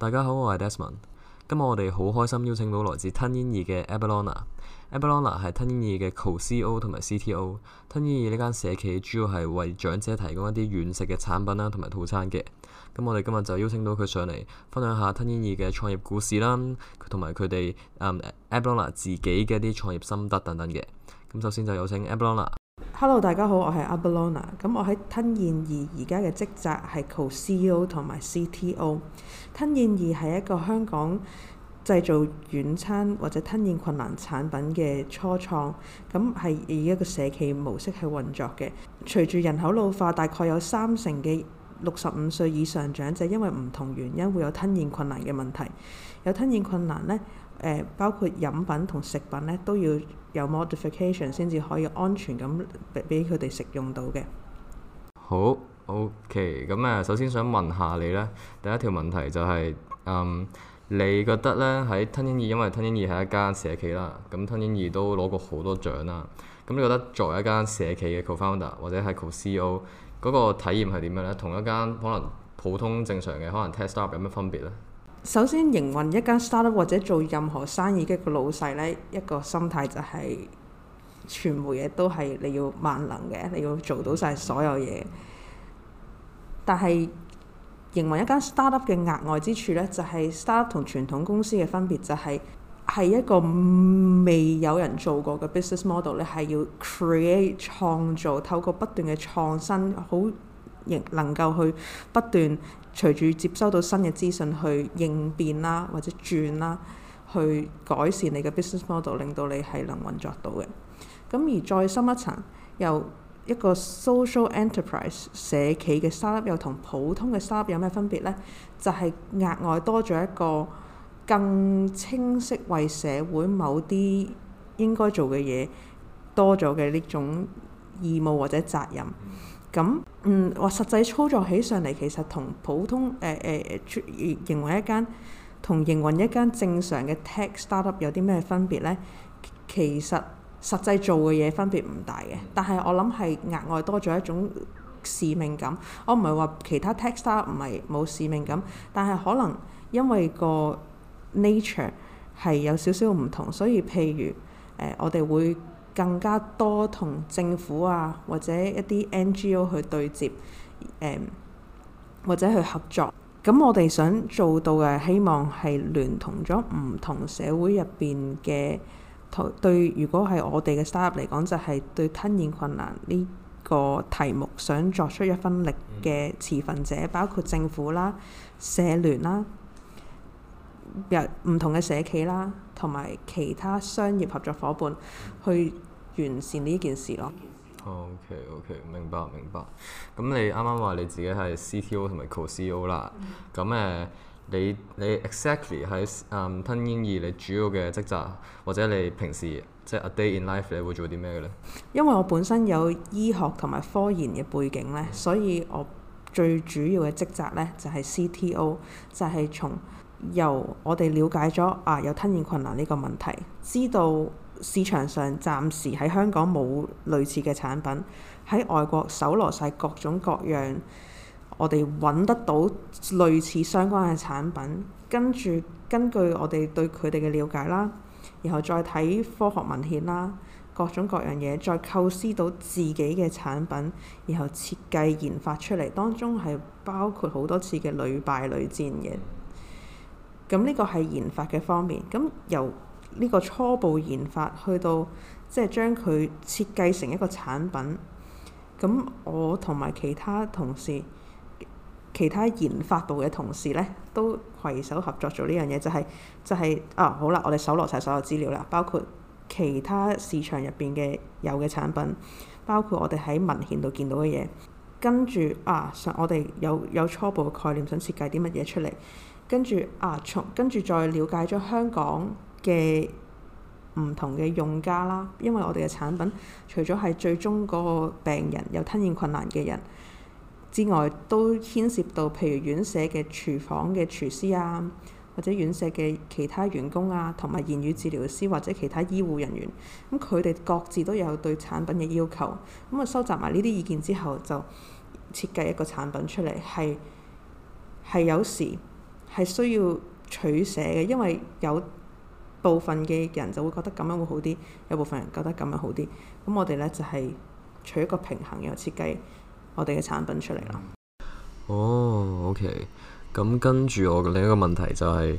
大家好，我係 Desmond。今日我哋好開心邀請到來自吞嚥易嘅 Abellona Abellona 係吞嚥易嘅 COO c 同埋 CTO。吞嚥易呢間社企主要係為長者提供一啲軟食嘅產品啦，同埋套餐嘅。咁我哋今日就邀請到佢上嚟分享下吞嚥易嘅創業故事啦，同埋佢哋誒 Abellona 自己嘅一啲創業心得等等嘅。咁首先就有請 Abellona。Hello，大家好，我係 Abellona。咁我喺吞嚥易而家嘅職責係做 CEO 同埋 CTO。吞嚥易係一個香港製造軟餐或者吞咽困難產品嘅初創，咁係以一個社企模式去運作嘅。隨住人口老化，大概有三成嘅六十五歲以上長者、就係、因為唔同原因會有吞咽困難嘅問題。有吞咽困難呢？呃、包括飲品同食品咧都要有 modification 先至可以安全咁俾俾佢哋食用到嘅。好，OK。咁誒，首先想問下你呢，第一條問題就係、是，嗯，你覺得呢喺吞嚥易，因為吞嚥易係一間社企啦，咁吞嚥易都攞過好多獎啦。咁你覺得作為一間社企嘅 co-founder 或者係 co-CEO，嗰個體驗係點樣咧？同一間可能普通正常嘅可能 tech startup 有咩分別呢？首先營運一間 startup 或者做任何生意嘅個老細咧，一個心態就係全部嘢都係你要萬能嘅，你要做到晒所有嘢。但係營運一間 startup 嘅額外之處咧，就係、是、startup 同傳統公司嘅分別就係、是，係一個未有人做過嘅 business model 你係要 create 創造，透過不斷嘅創新，好。亦能夠去不斷隨住接收到新嘅資訊去應變啦，或者轉啦，去改善你嘅 business model，令到你係能運作到嘅。咁、嗯、而再深一層，由一個 social enterprise 社企嘅 startup 又同普通嘅 startup 有咩分別呢？就係、是、額外多咗一個更清晰為社會某啲應該做嘅嘢多咗嘅呢種義務或者責任。咁嗯，話實際操作起上嚟，其實同普通誒誒誒營運一間同營運一間正常嘅 tech startup 有啲咩分別呢？其實實際做嘅嘢分別唔大嘅，但係我諗係額外多咗一種使命感。我唔係話其他 tech startup 唔係冇使命感，但係可能因為個 nature 係有少少唔同，所以譬如誒、呃，我哋會更加多同政府啊，或者一啲 NGO 去對接，誒、嗯，或者去合作。咁我哋想做到嘅，希望係聯同咗唔同社會入邊嘅，對，如果係我哋嘅 startup 嚟講，就係、是、對吞咽困難呢個題目，想作出一分力嘅持份者，嗯、包括政府啦、社聯啦、入唔同嘅社企啦，同埋其他商業合作伙伴去完善呢件事咯。OK，OK、okay, okay, 明白，明白。咁你啱啱話你自己係 CTO 同埋 Co-CEO 啦。咁誒、嗯，你你 exactly 喺、嗯、吞嚥易，你主要嘅職責或者你平時即係 a day in life，你會做啲咩嘅呢？因為我本身有醫學同埋科研嘅背景呢，嗯、所以我最主要嘅職責呢就係、是、CTO，就係從由我哋了解咗啊有吞咽困難呢個問題，知道。市場上暫時喺香港冇類似嘅產品，喺外國搜羅晒各種各樣，我哋揾得到類似相關嘅產品，跟住根據我哋對佢哋嘅了解啦，然後再睇科學文獻啦，各種各樣嘢再構思到自己嘅產品，然後設計研發出嚟，當中係包括好多次嘅屢敗屢戰嘅。咁呢個係研發嘅方面，咁由呢個初步研發去到即係將佢設計成一個產品，咁我同埋其他同事、其他研發部嘅同事呢，都攜手合作做呢樣嘢，就係、就係、啊好啦，我哋搜羅晒所有資料啦，包括其他市場入邊嘅有嘅產品，包括我哋喺文獻度見到嘅嘢，跟住啊，我哋有有初步嘅概念，想設計啲乜嘢出嚟，跟住啊，從跟住再了解咗香港嘅唔同嘅用家啦，因為我哋嘅產品除咗係最終個病人有吞嚥困難嘅人之外，都牽涉到譬如院舍嘅廚房嘅廚師啊，或者院舍嘅其他員工啊，同埋言語治療師或者其他醫護人員，咁佢哋各自都有對產品嘅要求。咁啊，收集埋呢啲意見之後，就設計一個產品出嚟，係，係有時，係需要取捨嘅，因為有。部分嘅人就會覺得咁樣會好啲，有部分人覺得咁樣好啲，咁我哋呢，就係取一個平衡，然後設計我哋嘅產品出嚟啦。哦，OK，咁跟住我嘅另一個問題就係。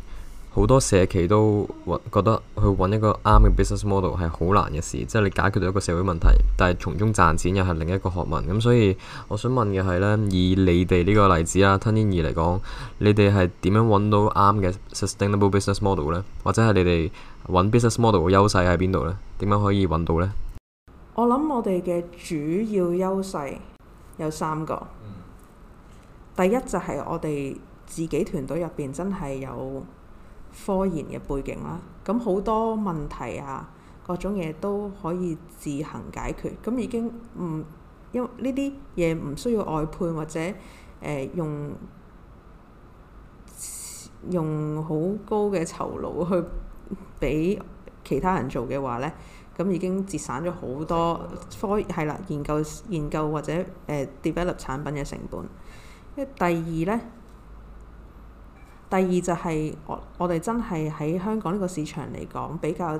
好多社企都揾覺得去揾一個啱嘅 business model 係好難嘅事，即係你解決到一個社會問題，但係從中賺錢又係另一個學問。咁所以我想問嘅係呢：以你哋呢個例子啊，吞嚥易嚟講，你哋係點樣揾到啱嘅 sustainable business model 呢？或者係你哋揾 business model 嘅優勢喺邊度呢？點樣可以揾到呢？我諗我哋嘅主要優勢有三個。嗯。第一就係我哋自己團隊入邊真係有。科研嘅背景啦，咁好多問題啊，各種嘢都可以自行解決。咁已經唔因為呢啲嘢唔需要外判或者誒、呃、用用好高嘅酬勞去俾其他人做嘅話咧，咁已經節省咗好多科係啦研究研究，或者誒、呃、develop 產品嘅成本。因第二咧。第二就係、是、我我哋真係喺香港呢個市場嚟講比較誒係、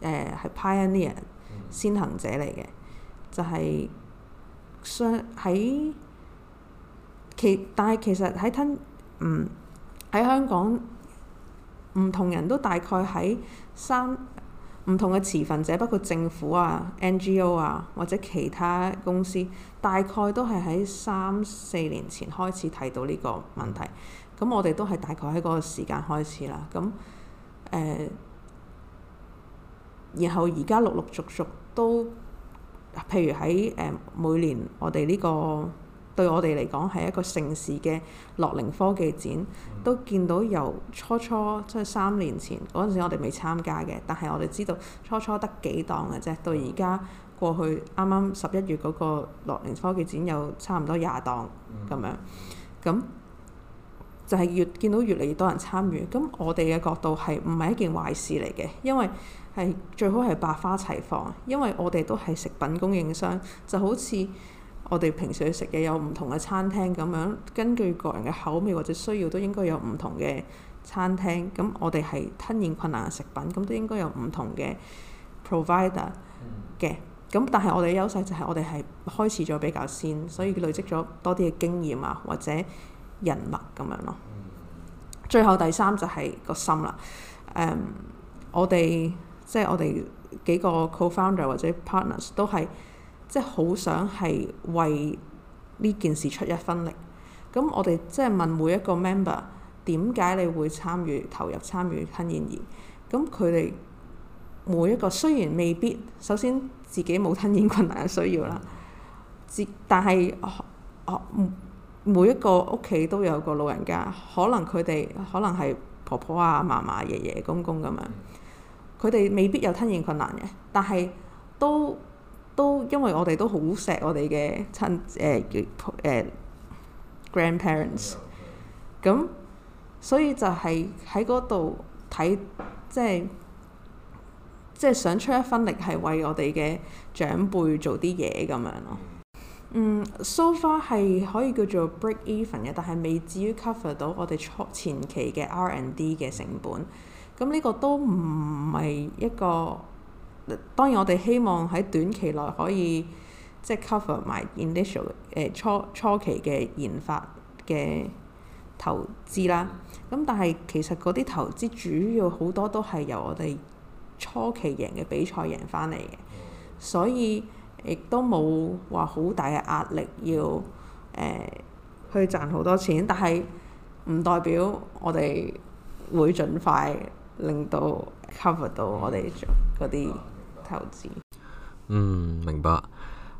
呃、pioneer 先行者嚟嘅，就係相喺其但係其實喺吞唔喺香港唔同人都大概喺三唔同嘅持份者，包括政府啊、NGO 啊或者其他公司，大概都係喺三四年前開始睇到呢個問題。咁我哋都係大概喺個時間開始啦。咁誒、呃，然後而家陸陸續續都，譬如喺誒、呃、每年我哋呢、這個對我哋嚟講係一個盛事嘅樂齡科技展，嗯、都見到由初初即係、就是、三年前嗰陣時我哋未參加嘅，但係我哋知道初初得幾檔嘅啫。到而家過去啱啱十一月嗰個樂齡科技展有差唔多廿檔咁樣，咁。就係越見到越嚟越多人參與，咁我哋嘅角度係唔係一件壞事嚟嘅，因為係最好係百花齊放，因為我哋都係食品供應商，就好似我哋平時去食嘢有唔同嘅餐廳咁樣，根據個人嘅口味或者需要，都應該有唔同嘅餐廳。咁我哋係吞嚥困難嘅食品，咁都應該有唔同嘅 provider 嘅。咁但係我哋優勢就係我哋係開始咗比較先，所以累積咗多啲嘅經驗啊，或者。人物咁樣咯，最後第三就係個心啦。誒、um，即係、我哋即係我哋幾個 co-founder 或者 partners 都係即係好想係為呢件事出一分力。咁我哋即係問每一個 member 點解你會參與投入參與吞嚥易？咁佢哋每一個雖然未必首先自己冇吞嚥困難嘅需要啦，自但係我、哦哦嗯每一個屋企都有個老人家，可能佢哋可能係婆婆啊、嫲嫲、爺爺、公公咁樣，佢哋未必有吞嚥困難嘅，但係都都因為我哋都好錫我哋嘅親誒誒、呃呃、grandparents，咁所以就係喺嗰度睇，即係即係想出一分力，係為我哋嘅長輩做啲嘢咁樣咯。嗯，so far 係可以叫做 break even 嘅，但係未至於 cover 到我哋初前期嘅 R and D 嘅成本。咁呢個都唔係一個，當然我哋希望喺短期內可以即係、就是、cover 埋 initial 誒、呃、初初期嘅研發嘅投資啦。咁但係其實嗰啲投資主要好多都係由我哋初期贏嘅比賽贏翻嚟嘅，所以。亦都冇話好大嘅壓力要、呃、去賺好多錢，但係唔代表我哋會盡快令到 cover 到我哋嗰啲投資。嗯，明白。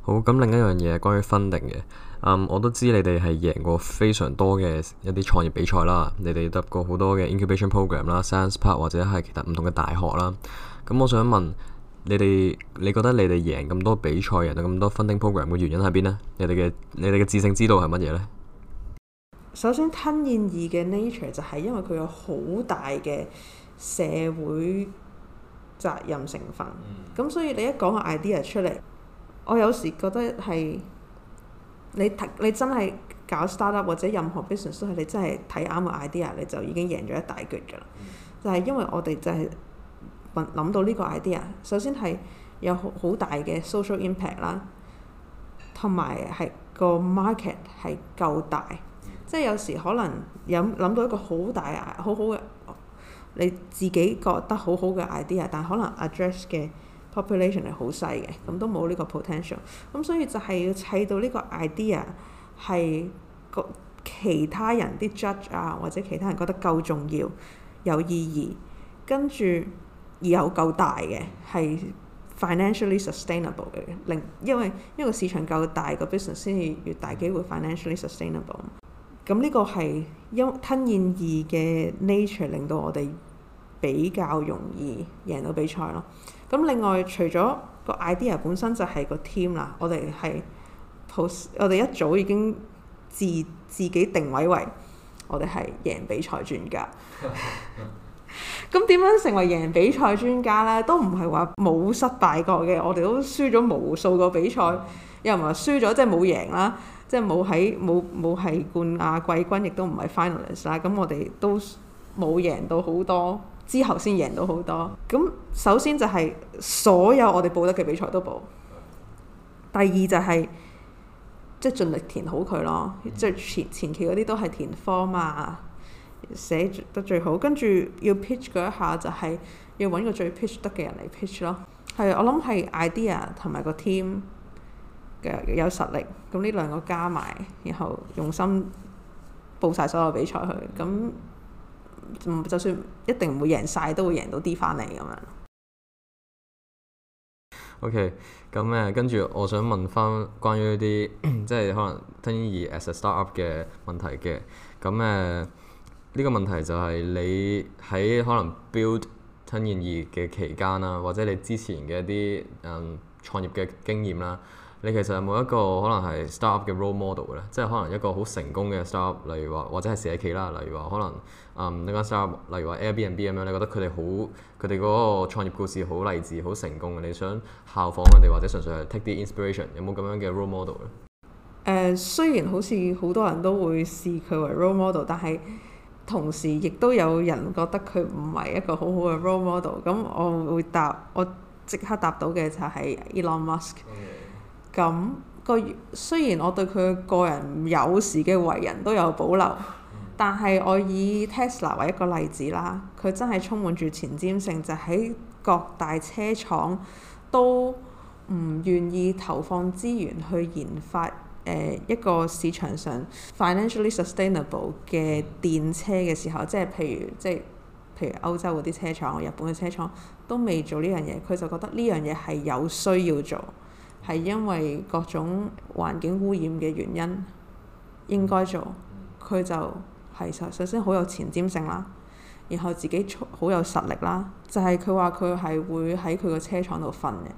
好，咁另一樣嘢關於 funding 嘅，嗯，我都知你哋係贏過非常多嘅一啲創業比賽啦，你哋得過好多嘅 incubation program 啦、Science Park 或者係其他唔同嘅大學啦。咁我想問。你哋，你覺得你哋贏咁多比賽，贏到咁多 funding program 嘅原因喺邊咧？你哋嘅你哋嘅致勝之道係乜嘢呢？首先，吞嚥易嘅 nature 就係因為佢有好大嘅社會責任成分。咁、嗯、所以你一講個 idea 出嚟，我有時覺得係你你真係搞 startup 或者任何 business，都係你真係睇啱個 idea，你就已經贏咗一大橛噶啦。就係、嗯、因為我哋就係、是。揾諗到呢個 idea，首先係有好大嘅 social impact 啦，同埋係個 market 係夠大，即係有時可能有諗到一個好大好好嘅你自己覺得好好嘅 idea，但可能 address 嘅 population 係好細嘅，咁都冇呢個 potential。咁所以就係要砌到呢個 idea 係個其他人啲 judge 啊，或者其他人覺得夠重要有意義，跟住。有夠大嘅，係 financially sustainable 嘅。另因為因為市場夠大，個 business 先至越大機會 financially sustainable。咁呢個係因吞嚥易嘅 nature 令到我哋比較容易贏到比賽咯。咁另外，除咗個 idea 本身就係個 team 啦，我哋係 pose，我哋一早已經自自己定位為我哋係贏比賽專家。 咁點樣成為贏比賽專家呢？都唔係話冇失敗過嘅，我哋都輸咗無數個比賽。又唔係輸咗，即係冇贏啦，即係冇喺冇冇係冠亞季軍，亦都唔係 finalist 啊。咁我哋都冇贏到好多，之後先贏到好多。咁首先就係所有我哋報得嘅比賽都報。第二就係即係盡力填好佢咯，即係前前期嗰啲都係填 form 嘛、啊。寫得最好，跟住要 pitch 嗰一下就係要揾個最 pitch 得嘅人嚟 pitch 咯。係，我諗係 idea 同埋個 team 嘅有實力，咁呢兩個加埋，然後用心報晒所有比賽去，咁唔就算一定唔會贏晒，都會贏到啲翻嚟咁樣。OK，咁誒，跟住我想問翻關於一啲即係可能吞嚥易 as a startup 嘅問題嘅，咁誒。呢個問題就係你喺可能 build 吞嚥易嘅期間啦，或者你之前嘅一啲嗯、um, 創業嘅經驗啦，你其實有冇一個可能係 start up 嘅 role model 嘅咧？即係可能一個好成功嘅 start up，例如話或者係社企啦，例如話可能嗯呢間 start up，例如話 Airbnb 咁樣，你覺得佢哋好，佢哋嗰個創業故事好勵志、好成功嘅，你想效仿佢哋，或者純粹係 take 啲 inspiration，有冇咁樣嘅 role model 咧？誒、呃，雖然好似好多人都會視佢為 role model，但係。同時，亦都有人覺得佢唔係一個好好嘅 role model。咁我會答，我即刻答到嘅就係 Elon Musk。咁個雖然我對佢個人有時嘅為人都有保留，但係我以 Tesla 為一個例子啦，佢真係充滿住前瞻性，就喺各大車廠都唔願意投放資源去研發誒一個市場上 financially sustainable 嘅電車嘅時候，即係譬如即係譬如歐洲嗰啲車廠、日本嘅車廠都未做呢樣嘢，佢就覺得呢樣嘢係有需要做，係因為各種環境污染嘅原因應該做，佢就係首首先好有前瞻性啦，然後自己好有實力啦，就係佢話佢係會喺佢個車廠度瞓嘅。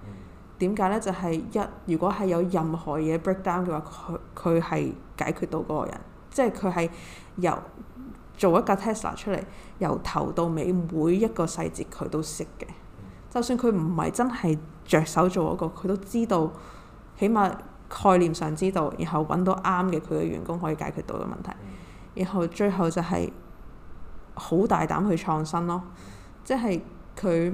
點解呢？就係、是、一，如果係有任何嘢 breakdown 嘅話，佢佢係解決到嗰個人，即係佢係由做一架 Tesla 出嚟，由頭到尾每一個細節佢都識嘅。就算佢唔係真係着手做嗰、那個，佢都知道，起碼概念上知道，然後揾到啱嘅佢嘅員工可以解決到嘅問題，然後最後就係好大膽去創新咯，即係佢。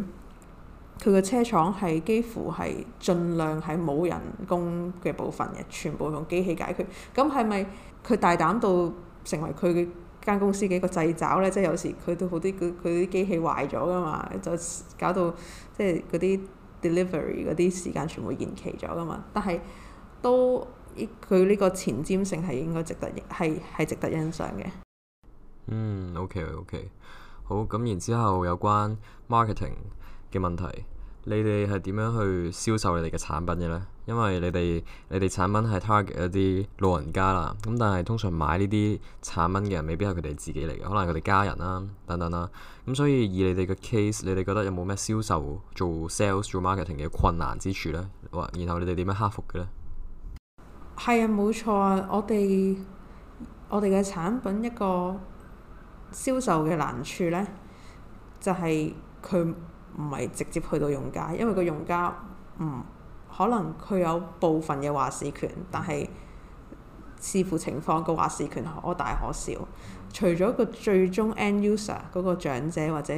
佢個車廠係幾乎係盡量係冇人工嘅部分嘅，全部用機器解決。咁係咪佢大膽到成為佢間公司嘅一個掣肘呢？即係有時佢都好啲，佢佢啲機器壞咗噶嘛，就搞到即係嗰啲 delivery 嗰啲時間全部延期咗噶嘛。但係都佢呢個前瞻性係應該值得係係值得欣賞嘅。嗯，OK OK，好咁，然之後有關 marketing。嘅問題，你哋係點樣去銷售你哋嘅產品嘅呢？因為你哋你哋產品係 target 一啲老人家啦，咁但係通常買呢啲產品嘅人未必係佢哋自己嚟嘅，可能佢哋家人啦、啊、等等啦、啊。咁所以以你哋嘅 case，你哋覺得有冇咩銷售做 sales 做 marketing 嘅困難之處呢？然後你哋點樣克服嘅呢？係啊，冇錯啊！我哋我哋嘅產品一個銷售嘅難處呢，就係佢。唔係直接去到用家，因為個用家唔、嗯、可能佢有部分嘅話事權，但係視乎情況，個話事權可大可小。除咗個最終 end user 嗰個長者或者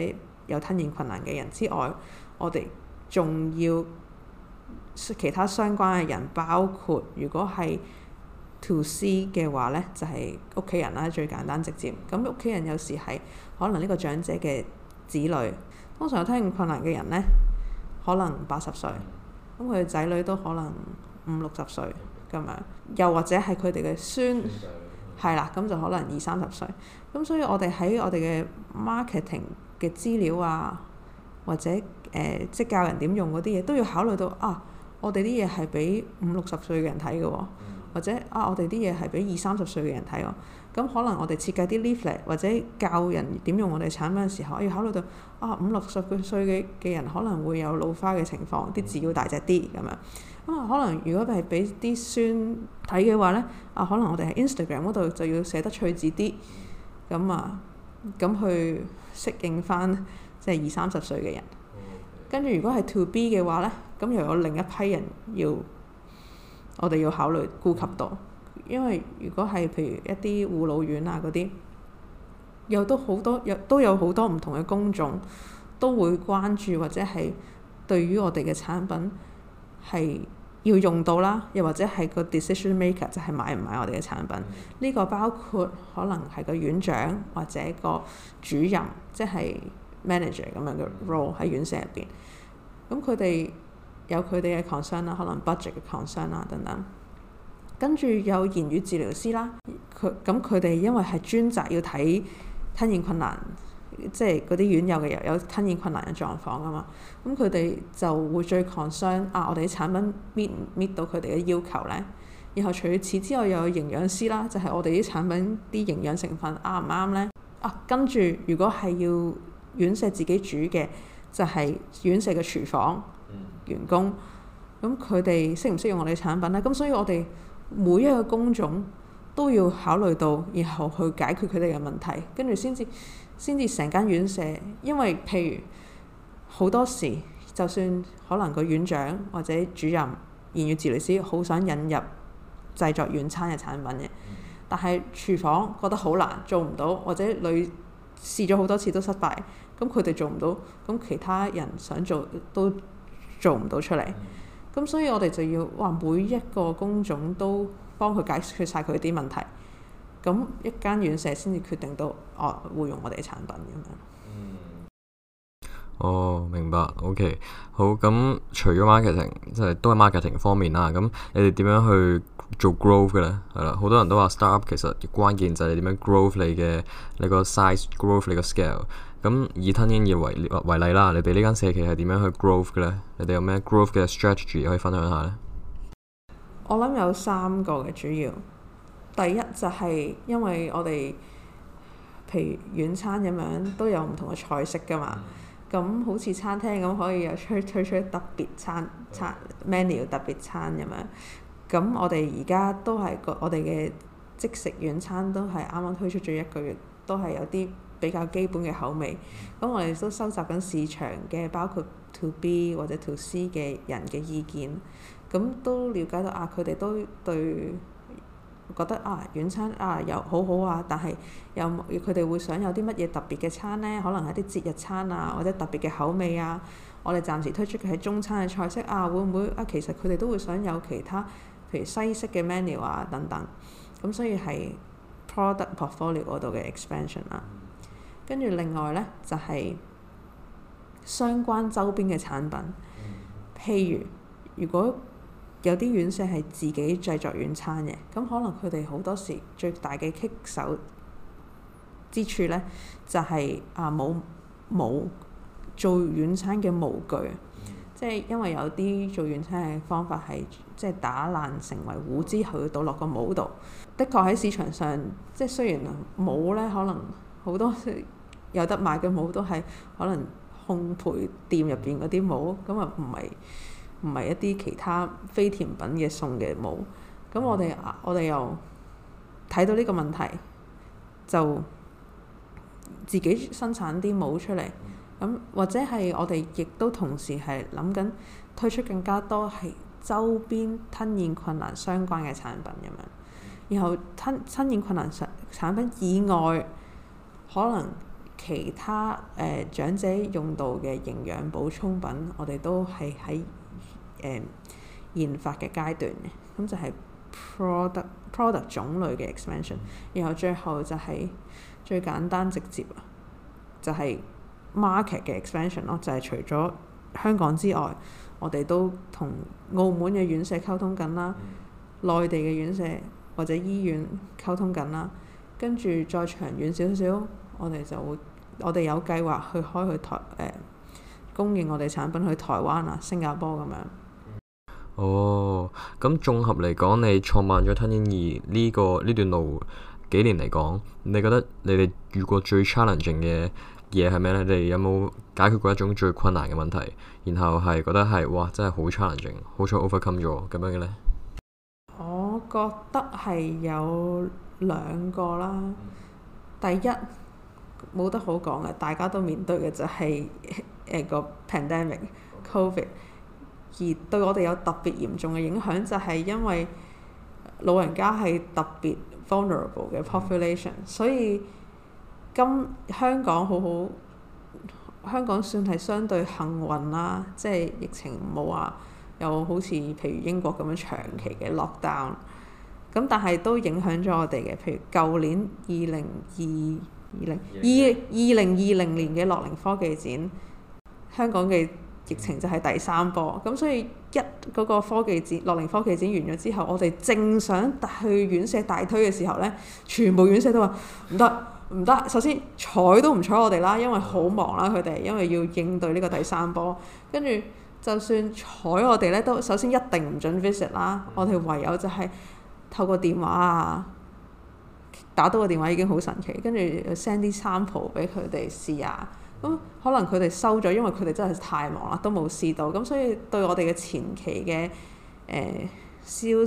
有吞嚥困難嘅人之外，我哋仲要其他相關嘅人，包括如果係 to C 嘅話咧，就係屋企人啦，最簡單直接。咁屋企人有時係可能呢個長者嘅子女。通常有吞嚥困難嘅人呢，可能八十歲，咁佢嘅仔女都可能五六十歲咁樣，又或者係佢哋嘅孫，係啦弟，咁就可能二三十歲。咁所以我哋喺我哋嘅 marketing 嘅資料啊，或者誒、呃，即教人點用嗰啲嘢，都要考慮到啊，我哋啲嘢係俾五六十歲嘅人睇嘅喎。嗯或者啊，我哋啲嘢係俾二三十歲嘅人睇哦，咁、啊、可能我哋設計啲 leaflet 或者教人點用我哋產品嘅時候，要考慮到啊五六十歲嘅嘅人可能會有老花嘅情況，啲字要大隻啲咁樣。咁啊，可能如果係俾啲孫睇嘅話呢，啊可能我哋喺 Instagram 嗰度就要寫得趣致啲，咁啊咁、啊、去適應翻即係二三十歲嘅人。跟住如果係 to B 嘅話呢，咁、啊、又有另一批人要。我哋要考慮顧及到，因為如果係譬如一啲護老院啊嗰啲，又都好多有都有好多唔同嘅工種都會關注，或者係對於我哋嘅產品係要用到啦，又或者係個 decision maker 就係買唔買我哋嘅產品呢個。嗯。包括可能係個院長或者個主任即係 manager 咁樣嘅 role 喺院舍入邊，咁佢哋，有佢哋嘅 concern 啦，可能 budget 嘅 concern 啦等等，跟住有言語治療師啦。佢咁佢哋因為係專責要睇吞嚥困難，即係嗰啲院友嘅又有吞嚥困難嘅狀況啊嘛。咁佢哋就會最 concern 啊，我哋啲產品搣唔搣到佢哋嘅要求呢。然後除此之外，又有營養師啦，就係、是、我哋啲產品啲營養成分啱唔啱呢？啊。跟住如果係要院舍自己煮嘅，就係、是、院舍嘅廚房。員工，咁佢哋識唔識用我哋產品咧？咁所以我哋每一個工種都要考慮到，然後去解決佢哋嘅問題，跟住先至先至成間院舍。因為譬如好多時，就算可能個院長或者主任、言語治療師好想引入製作軟餐嘅產品嘅，嗯、但係廚房覺得好難做唔到，或者女試咗好多次都失敗，咁佢哋做唔到，咁其他人想做都。做唔到出嚟，咁所以我哋就要哇每一個工種都幫佢解決晒佢啲問題，咁一間院舍先至決定到哦會用我哋嘅產品咁樣。哦明白，OK，好，咁除咗 marketing，即係都係 marketing 方面啦。咁你哋點樣去做 growth 嘅咧？係啦，好多人都話 startup 其實關鍵就係你點樣 growth 你嘅你個 size，growth 你個 scale。咁以吞嚥易為例啦，你哋呢間社企係點樣去 growth 嘅咧？你哋有咩 growth 嘅 strategy 可以分享下咧？我諗有三個嘅主要，第一就係因為我哋譬如軟餐咁樣都有唔同嘅菜式㗎嘛，咁好似餐廳咁可以又推推出特別餐餐 menu 特別餐咁樣，咁我哋而家都係個我哋嘅即食軟餐都係啱啱推出咗一個月，都係有啲。比較基本嘅口味，咁我哋都收集緊市場嘅包括 to B 或者 to C 嘅人嘅意見，咁都了解到啊，佢哋都對覺得啊，軟餐啊又好好啊，但係有佢哋會想有啲乜嘢特別嘅餐呢？可能係啲節日餐啊，或者特別嘅口味啊。我哋暫時推出嘅係中餐嘅菜式啊，會唔會啊？其實佢哋都會想有其他譬如西式嘅 menu 啊等等，咁所以係 product portfolio 嗰度嘅 expansion 啦。跟住另外呢，就係、是、相關周邊嘅產品，譬如如果有啲院舍係自己製作軟餐嘅，咁可能佢哋好多時最大嘅棘手之處呢，就係、是、啊冇冇做軟餐嘅模具，即係因為有啲做軟餐嘅方法係即係打爛成為糊之後倒落個模度。的確喺市場上，即係雖然冇呢，可能好多時。有得賣嘅帽都係可能烘焙店入邊嗰啲帽，咁啊唔係唔係一啲其他非甜品嘅餸嘅帽。咁我哋、嗯、我哋又睇到呢個問題，就自己生產啲帽出嚟。咁或者係我哋亦都同時係諗緊推出更加多係周邊吞咽困難相關嘅產品咁樣。然後吞吞咽困難產產品以外，可能。其他誒、呃、長者用到嘅營養補充品，我哋都係喺誒研發嘅階段嘅，咁就係 product product 種類嘅 expansion、嗯。然後最後就係、是、最簡單直接就係 market 嘅 expansion 咯，就係、是、除咗香港之外，我哋都同澳門嘅院舍溝通緊啦，內、嗯、地嘅院舍或者醫院溝通緊啦，跟住再長遠少少，我哋就會。我哋有計劃去開去台誒、呃、供應我哋產品去台灣啊、新加坡咁樣。哦，咁綜合嚟講，你創辦咗吞嚥易呢個呢段路幾年嚟講，你覺得你哋遇過最 challenging 嘅嘢係咩呢？你哋有冇解決過一種最困難嘅問題？然後係覺得係哇，真係好 challenging，好彩 overcome 咗咁樣嘅呢，我覺得係有兩個啦，第一。冇得好講嘅，大家都面對嘅就係誒個 pandemic covid，而對我哋有特別嚴重嘅影響就係因為老人家係特別 vulnerable 嘅 population，、嗯、所以今香港好好香港算係相對幸運啦，即係疫情唔好話、啊、有好似譬如英國咁樣長期嘅 lockdown 咁，但係都影響咗我哋嘅，譬如舊年二零二。二零二二零二零年嘅樂齡科技展，香港嘅疫情就係第三波，咁所以一嗰個科技展，樂齡科技展完咗之後，我哋正想去院舍大推嘅時候呢，全部院舍都話唔得唔得。首先睬都唔睬我哋啦，因為好忙啦、啊，佢哋因為要應對呢個第三波。跟住就算睬我哋呢，都首先一定唔準 visit 啦。嗯、我哋唯有就係透過電話啊。.打到個電話已經好神奇，跟住 send 啲 sample 俾佢哋試下，咁、嗯、可能佢哋收咗，因為佢哋真係太忙啦，都冇試到。咁、嗯、所以對我哋嘅前期嘅誒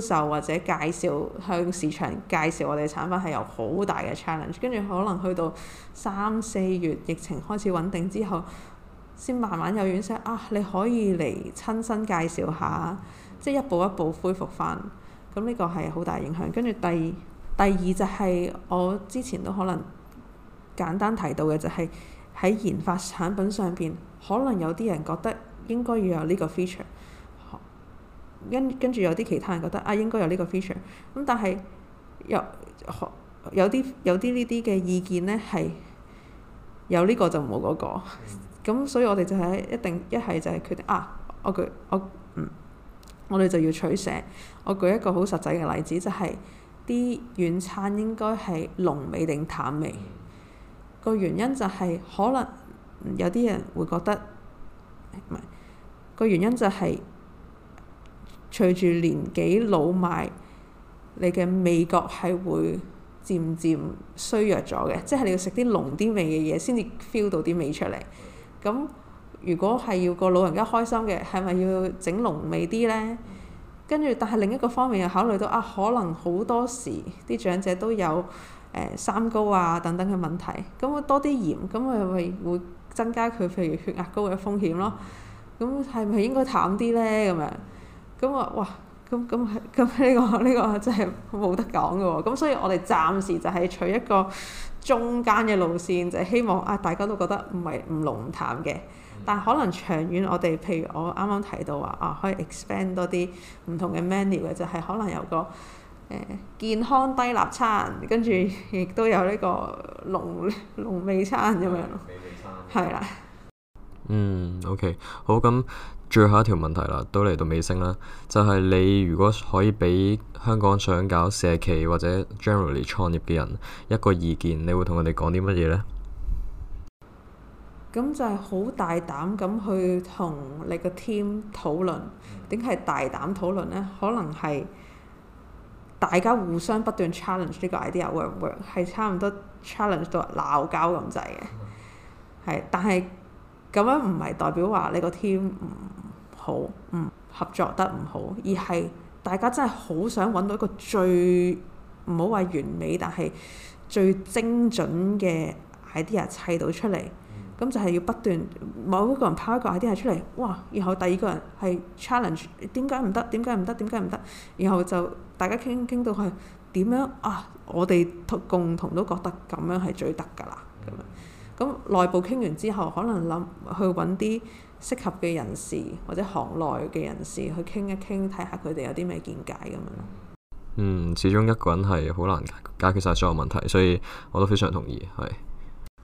銷售或者介紹，向市場介紹我哋嘅產品係有好大嘅 challenge。跟住可能去到三四月疫情開始穩定之後，先慢慢有院聲啊，你可以嚟親身介紹下，即係一步一步恢復翻。咁、嗯、呢、這個係好大影響。跟住第二。第二就係、是、我之前都可能簡單提到嘅，就係、是、喺研發產品上邊，可能有啲人覺得應該要有呢個 feature，跟跟住有啲其他人覺得啊應該有呢個 feature，咁但係有有啲有啲呢啲嘅意見呢，係有呢個就冇嗰、那個，咁 所以我哋就係一定一係就係決定啊，我舉我嗯我哋就要取捨。我舉一個好實際嘅例子，就係、是。啲軟餐應該係濃味定淡味？個原因就係、是、可能有啲人會覺得唔係。個原因就係、是、隨住年紀老邁，你嘅味覺係會漸漸衰弱咗嘅，即係你要食啲濃啲味嘅嘢先至 feel 到啲味出嚟。咁如果係要個老人家開心嘅，係咪要整濃味啲呢？跟住，但係另一個方面又考慮到啊，可能好多時啲長者都有誒、呃、三高啊等等嘅問題，咁、嗯、啊多啲鹽，咁啊咪會增加佢譬如血壓高嘅風險咯。咁係咪應該淡啲呢？咁樣咁啊、嗯，哇！咁咁咁呢個呢、呢個真係冇得講嘅喎。咁所以我哋暫時就係取一個中間嘅路線，就係、希望啊大家都覺得唔係唔濃唔淡嘅。嗯、但係可能長遠我，我哋譬如我啱啱提到話啊，可以 expand 多啲唔同嘅 menu 嘅，就係、係、可能有個、呃、健康低辣餐，跟住亦都有呢個濃濃味餐咁樣咯。濃味餐。係啦的。嗯，OK，好咁。最後一條問題啦，都嚟到尾聲啦，就係你如果可以俾香港想搞社企或者 generally 創業嘅人一個意見，你會同佢哋講啲乜嘢呢？咁就係好大膽咁去同你個 team 討論，點係大膽討論呢？可能係大家互相不斷 challenge 呢個 idea 會唔會係差唔多 challenge 到鬧交咁滯嘅。係、mm hmm.，但係咁樣唔係代表話你個 team 唔。好，唔合作得唔好，而係大家真係好想揾到一個最唔好話完美，但係最精準嘅 idea 砌到出嚟。咁就係要不斷某一個人拋一個 idea 出嚟，哇！然後第二個人係 challenge，點解唔得？點解唔得？點解唔得？然後就大家傾傾到去點樣啊？我哋共同都覺得咁樣係最得㗎啦。咁樣內部傾完之後，可能諗去揾啲。適合嘅人士或者行內嘅人士去傾一傾，睇下佢哋有啲咩見解咁樣咯。嗯，始終一個人係好難解決晒所有問題，所以我都非常同意係。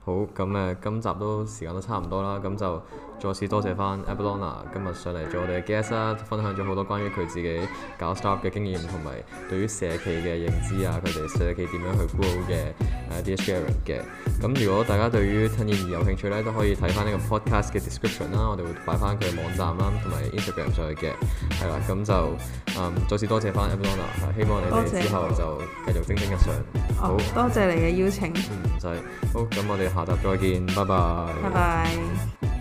好咁誒，今集都時間都差唔多啦，咁就再次多謝翻 Abellona 今日上嚟做我哋嘅 guest 啦，分享咗好多關於佢自己搞 startup 嘅經驗同埋對於社企嘅認知啊，佢哋社企點樣去 grow 嘅 experience sharing 嘅。咁如果大家對於吞嚥易有興趣咧，都可以睇翻呢個 podcast 嘅 description 啦，我哋會擺翻佢嘅網站啦同埋 Instagram 上去嘅。係啦，咁就、嗯、再次多謝翻 Abellona，希望你哋之後就繼續蒸蒸日上。好、oh，多謝你嘅邀請。唔使、嗯。好，咁我哋。下集再見，拜拜。拜拜。